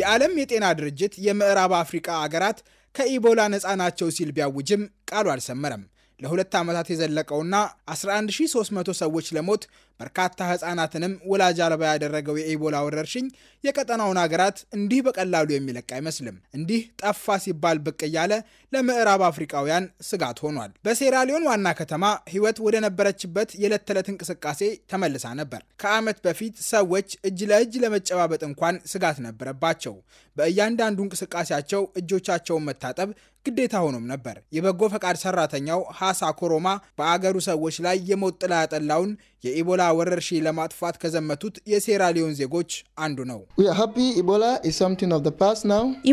የዓለም የጤና ድርጅት የምዕራብ አፍሪቃ አገራት ከኢቦላ ነፃ ናቸው ሲል ቢያውጅም ቃሉ አልሰመረም። ለሁለት ዓመታት የዘለቀውና 11300 ሰዎች ለሞት በርካታ ሕፃናትንም ወላጅ አልባ ያደረገው የኢቦላ ወረርሽኝ የቀጠናውን አገራት እንዲህ በቀላሉ የሚለቅ አይመስልም። እንዲህ ጠፋ ሲባል ብቅ እያለ ለምዕራብ አፍሪካውያን ስጋት ሆኗል። በሴራሊዮን ዋና ከተማ ሕይወት ወደ ነበረችበት የዕለት ተዕለት እንቅስቃሴ ተመልሳ ነበር። ከዓመት በፊት ሰዎች እጅ ለእጅ ለመጨባበጥ እንኳን ስጋት ነበረባቸው። በእያንዳንዱ እንቅስቃሴያቸው እጆቻቸውን መታጠብ ግዴታ ሆኖም ነበር። የበጎ ፈቃድ ሰራተኛው ሐሳ ኮሮማ በአገሩ ሰዎች ላይ የሞት ጥላ ያጠላውን የኢቦላ ወረርሽኝ ለማጥፋት ከዘመቱት የሴራሊዮን ዜጎች አንዱ ነው።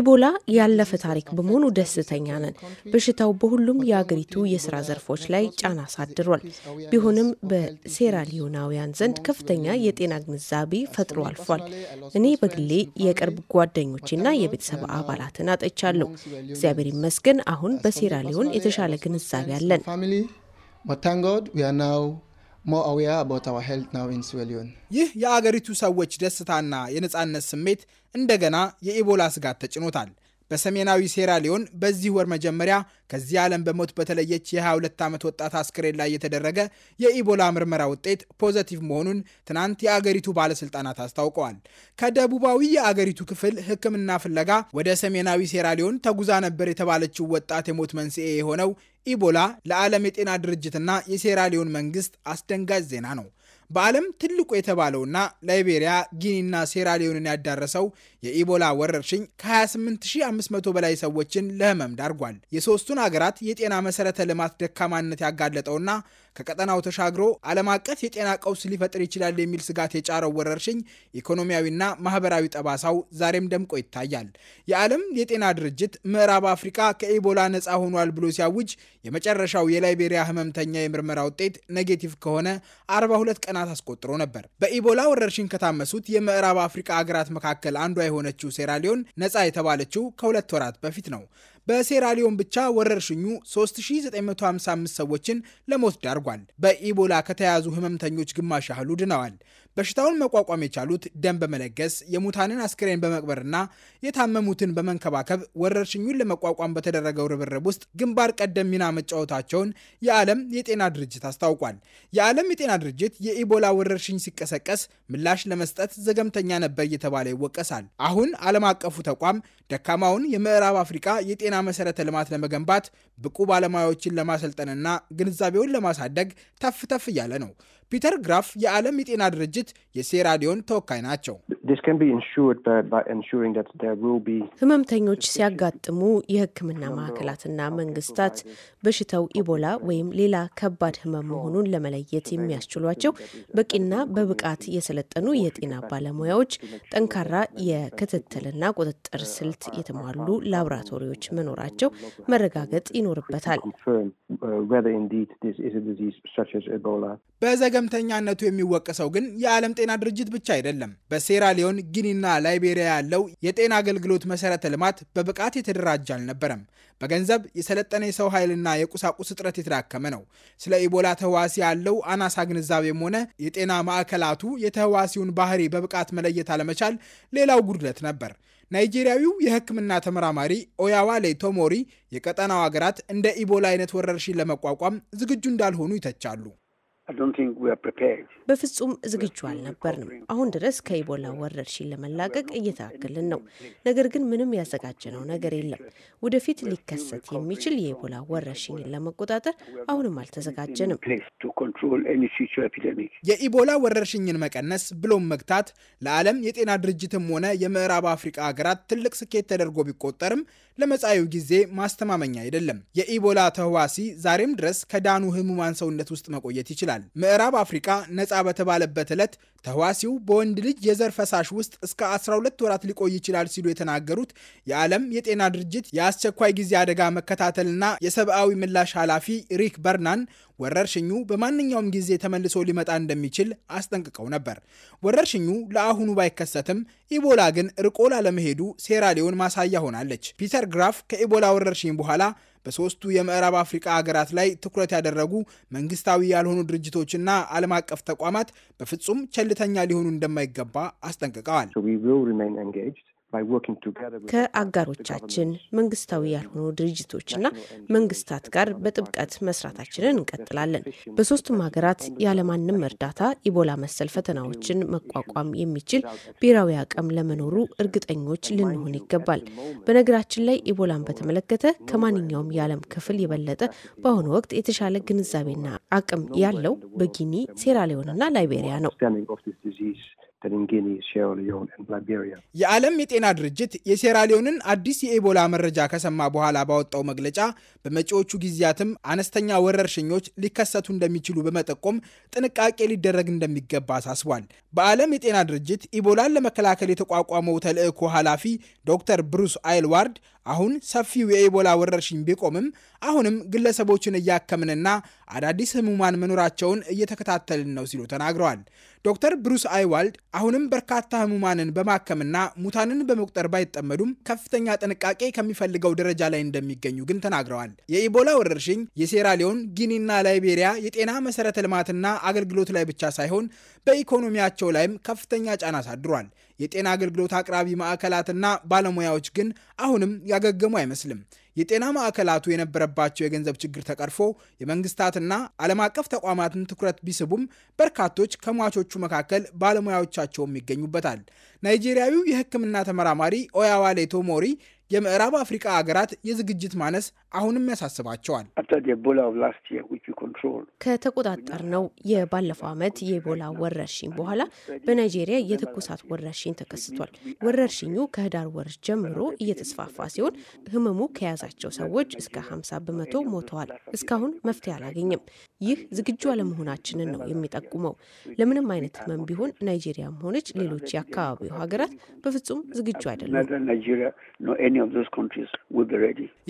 ኢቦላ ያለፈ ታሪክ በመሆኑ ደስተኛ ነን። በሽታው በሁሉም የአገሪቱ የስራ ዘርፎች ላይ ጫና አሳድሯል። ቢሆንም በሴራሊዮናውያን ዘንድ ከፍተኛ የጤና ግንዛቤ ፈጥሮ አልፏል። እኔ በግሌ የቅርብ ጓደኞችና የቤተሰብ አባላትን አጠቻለሁ። እግዚአብሔር ይመስገን። ይመስገን አሁን በሴራሊዮን የተሻለ ግንዛቤ አለን። ይህ የአገሪቱ ሰዎች ደስታና የነፃነት ስሜት እንደገና የኢቦላ ስጋት ተጭኖታል። በሰሜናዊ ሴራ ሊዮን በዚህ ወር መጀመሪያ ከዚህ ዓለም በሞት በተለየች የ22 ዓመት ወጣት አስክሬን ላይ የተደረገ የኢቦላ ምርመራ ውጤት ፖዘቲቭ መሆኑን ትናንት የአገሪቱ ባለስልጣናት አስታውቀዋል። ከደቡባዊ የአገሪቱ ክፍል ሕክምና ፍለጋ ወደ ሰሜናዊ ሴራ ሊዮን ተጉዛ ነበር የተባለችው ወጣት የሞት መንስኤ የሆነው ኢቦላ ለዓለም የጤና ድርጅትና የሴራሊዮን መንግስት አስደንጋጭ ዜና ነው። በዓለም ትልቁ የተባለውና ላይቤሪያ፣ ጊኒና ሴራሊዮንን ያዳረሰው የኢቦላ ወረርሽኝ ከ28500 በላይ ሰዎችን ለህመም ዳርጓል። የሶስቱን አገራት የጤና መሰረተ ልማት ደካማነት ያጋለጠውና ከቀጠናው ተሻግሮ ዓለም አቀፍ የጤና ቀውስ ሊፈጥር ይችላል የሚል ስጋት የጫረው ወረርሽኝ ኢኮኖሚያዊና ማህበራዊ ጠባሳው ዛሬም ደምቆ ይታያል። የዓለም የጤና ድርጅት ምዕራብ አፍሪካ ከኢቦላ ነፃ ሆኗል ብሎ ሲያውጅ የመጨረሻው የላይቤሪያ ህመምተኛ የምርመራ ውጤት ኔጌቲቭ ከሆነ 42 ቀናት አስቆጥሮ ነበር። በኢቦላ ወረርሽኝ ከታመሱት የምዕራብ አፍሪካ አገራት መካከል አንዷ የሆነችው ሴራሊዮን ነፃ የተባለችው ከሁለት ወራት በፊት ነው። በሴራሊዮን ብቻ ወረርሽኙ 3955 ሰዎችን ለሞት ዳርጓል። በኢቦላ ከተያዙ ህመምተኞች ግማሽ ያህሉ ድነዋል። በሽታውን መቋቋም የቻሉት ደም በመለገስ የሙታንን አስክሬን በመቅበርና የታመሙትን በመንከባከብ ወረርሽኙን ለመቋቋም በተደረገው ርብርብ ውስጥ ግንባር ቀደም ሚና መጫወታቸውን የዓለም የጤና ድርጅት አስታውቋል። የዓለም የጤና ድርጅት የኢቦላ ወረርሽኝ ሲቀሰቀስ ምላሽ ለመስጠት ዘገምተኛ ነበር እየተባለ ይወቀሳል። አሁን ዓለም አቀፉ ተቋም ደካማውን የምዕራብ አፍሪካ የጤና መሰረተ ልማት ለመገንባት ብቁ ባለሙያዎችን ለማሰልጠንና ግንዛቤውን ለማሳደግ ተፍ ተፍ እያለ ነው። ፒተር ግራፍ የዓለም የጤና ድርጅት የሴራሊዮን ተወካይ ናቸው። ህመምተኞች ሲያጋጥሙ የህክምና ማዕከላትና መንግስታት በሽታው ኢቦላ ወይም ሌላ ከባድ ህመም መሆኑን ለመለየት የሚያስችሏቸው በቂና በብቃት የሰለጠኑ የጤና ባለሙያዎች፣ ጠንካራ የክትትልና ቁጥጥር ስልት የተሟሉ ላቦራቶሪዎች መኖራቸው መረጋገጥ ይኖርበታል። uh, በዘገምተኛነቱ የሚወቀሰው ግን የዓለም ጤና ድርጅት ብቻ አይደለም። በሴራ ሴራሊዮን፣ ጊኒና ላይቤሪያ ያለው የጤና አገልግሎት መሰረተ ልማት በብቃት የተደራጀ አልነበረም። በገንዘብ የሰለጠነ የሰው ኃይልና የቁሳቁስ እጥረት የተዳከመ ነው። ስለ ኢቦላ ተህዋሲ ያለው አናሳ ግንዛቤም ሆነ የጤና ማዕከላቱ የተህዋሲውን ባህሪ በብቃት መለየት አለመቻል ሌላው ጉድለት ነበር። ናይጄሪያዊው የሕክምና ተመራማሪ ኦያዋሌ ቶሞሪ የቀጠናው ሀገራት እንደ ኢቦላ አይነት ወረርሽኝ ለመቋቋም ዝግጁ እንዳልሆኑ ይተቻሉ። በፍጹም ዝግጁ አልነበርንም። አሁን ድረስ ከኢቦላ ወረርሽኝ ለመላቀቅ እየታገልን ነው። ነገር ግን ምንም ያዘጋጀነው ነገር የለም። ወደፊት ሊከሰት የሚችል የኢቦላ ወረርሽኝን ለመቆጣጠር አሁንም አልተዘጋጀንም። የኢቦላ ወረርሽኝን መቀነስ ብሎም መግታት ለዓለም የጤና ድርጅትም ሆነ የምዕራብ አፍሪካ ሀገራት ትልቅ ስኬት ተደርጎ ቢቆጠርም ለመጻዩ ጊዜ ማስተማመኛ አይደለም። የኢቦላ ተህዋሲ ዛሬም ድረስ ከዳኑ ህሙማን ሰውነት ውስጥ መቆየት ይችላል። ይላል። ምዕራብ አፍሪቃ ነፃ በተባለበት ዕለት ተህዋሲው በወንድ ልጅ የዘር ፈሳሽ ውስጥ እስከ 12 ወራት ሊቆይ ይችላል ሲሉ የተናገሩት የዓለም የጤና ድርጅት የአስቸኳይ ጊዜ አደጋ መከታተልና የሰብአዊ ምላሽ ኃላፊ ሪክ በርናን ወረርሽኙ በማንኛውም ጊዜ ተመልሶ ሊመጣ እንደሚችል አስጠንቅቀው ነበር። ወረርሽኙ ለአሁኑ ባይከሰትም ኢቦላ ግን ርቆ ላለመሄዱ ሴራሊዮን ማሳያ ሆናለች። ፒተር ግራፍ ከኢቦላ ወረርሽኝ በኋላ በሶስቱ የምዕራብ አፍሪካ ሀገራት ላይ ትኩረት ያደረጉ መንግስታዊ ያልሆኑ ድርጅቶችና ዓለም አቀፍ ተቋማት በፍጹም ቸልተኛ ሊሆኑ እንደማይገባ አስጠንቅቀዋል። ከአጋሮቻችን መንግስታዊ ያልሆኑ ድርጅቶችና መንግስታት ጋር በጥብቀት መስራታችንን እንቀጥላለን። በሶስቱም ሀገራት ያለማንም እርዳታ ኢቦላ መሰል ፈተናዎችን መቋቋም የሚችል ብሔራዊ አቅም ለመኖሩ እርግጠኞች ልንሆን ይገባል። በነገራችን ላይ ኢቦላን በተመለከተ ከማንኛውም የዓለም ክፍል የበለጠ በአሁኑ ወቅት የተሻለ ግንዛቤና አቅም ያለው በጊኒ ሴራሊዮንና ላይቤሪያ ነው። የዓለም የጤና ድርጅት የሴራሊዮንን አዲስ የኢቦላ መረጃ ከሰማ በኋላ ባወጣው መግለጫ በመጪዎቹ ጊዜያትም አነስተኛ ወረርሽኞች ሊከሰቱ እንደሚችሉ በመጠቆም ጥንቃቄ ሊደረግ እንደሚገባ አሳስቧል። በዓለም የጤና ድርጅት ኢቦላን ለመከላከል የተቋቋመው ተልዕኮ ኃላፊ ዶክተር ብሩስ አይልዋርድ አሁን ሰፊው የኢቦላ ወረርሽኝ ቢቆምም አሁንም ግለሰቦችን እያከምንና አዳዲስ ህሙማን መኖራቸውን እየተከታተልን ነው ሲሉ ተናግረዋል። ዶክተር ብሩስ አይዋልድ አሁንም በርካታ ህሙማንን በማከምና ሙታንን በመቁጠር ባይጠመዱም ከፍተኛ ጥንቃቄ ከሚፈልገው ደረጃ ላይ እንደሚገኙ ግን ተናግረዋል። የኢቦላ ወረርሽኝ የሴራሊዮን ጊኒና ላይቤሪያ የጤና መሰረተ ልማትና አገልግሎት ላይ ብቻ ሳይሆን በኢኮኖሚያቸው ላይም ከፍተኛ ጫና አሳድሯል። የጤና አገልግሎት አቅራቢ ማዕከላትና ባለሙያዎች ግን አሁንም ያገገሙ አይመስልም። የጤና ማዕከላቱ የነበረባቸው የገንዘብ ችግር ተቀርፎ የመንግስታትና ዓለም አቀፍ ተቋማትን ትኩረት ቢስቡም በርካቶች ከሟቾቹ መካከል ባለሙያዎቻቸውም ይገኙበታል። ናይጄሪያዊው የሕክምና ተመራማሪ ኦያዋሌ ቶሞሪ የምዕራብ አፍሪካ ሀገራት የዝግጅት ማነስ አሁንም ያሳስባቸዋል። ነው የባለፈው ዓመት የኢቦላ ወረርሽኝ በኋላ በናይጄሪያ የትኩሳት ወረርሽኝ ተከስቷል። ወረርሽኙ ከህዳር ወር ጀምሮ እየተስፋፋ ሲሆን ህመሙ ከያዛቸው ሰዎች እስከ 50 በመቶ ሞተዋል። እስካሁን መፍትሄ አላገኘም። ይህ ዝግጁ አለመሆናችንን ነው የሚጠቁመው። ለምንም አይነት ህመም ቢሆን ናይጄሪያም ሆነች ሌሎች የአካባቢው ሀገራት በፍጹም ዝግጁ አይደለም።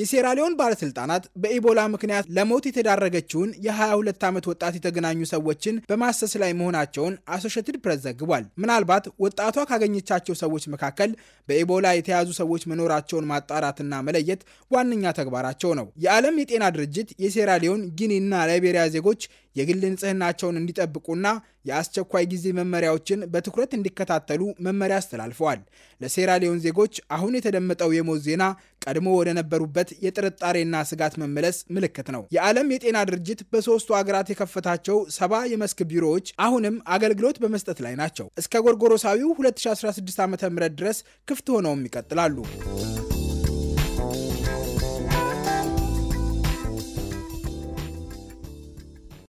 የሴራሊዮን ባለስልጣናት በኢቦላ ምክንያት ለሞት የተዳረገችውን የ22 ዓመት ወጣት የተገናኙ ሰዎችን በማሰስ ላይ መሆናቸውን አሶሼትድ ፕሬስ ዘግቧል። ምናልባት ወጣቷ ካገኘቻቸው ሰዎች መካከል በኢቦላ የተያዙ ሰዎች መኖራቸውን ማጣራትና መለየት ዋነኛ ተግባራቸው ነው። የዓለም የጤና ድርጅት የሴራሊዮን ጊኒና ላይቤሪያ ዜጎች የግል ንጽህናቸውን እንዲጠብቁና የአስቸኳይ ጊዜ መመሪያዎችን በትኩረት እንዲከታተሉ መመሪያ አስተላልፈዋል። ለሴራሊዮን ዜጎች አሁን የተደመጠው የሞት ዜና ቀድሞ ወደ ነበሩበት የጥርጣሬና ስጋት መመለስ ምልክት ነው። የዓለም የጤና ድርጅት በሦስቱ አገራት የከፈታቸው ሰባ የመስክ ቢሮዎች አሁንም አገልግሎት በመስጠት ላይ ናቸው። እስከ ጎርጎሮሳዊው 2016 ዓ ም ድረስ ክፍት ሆነውም ይቀጥላሉ።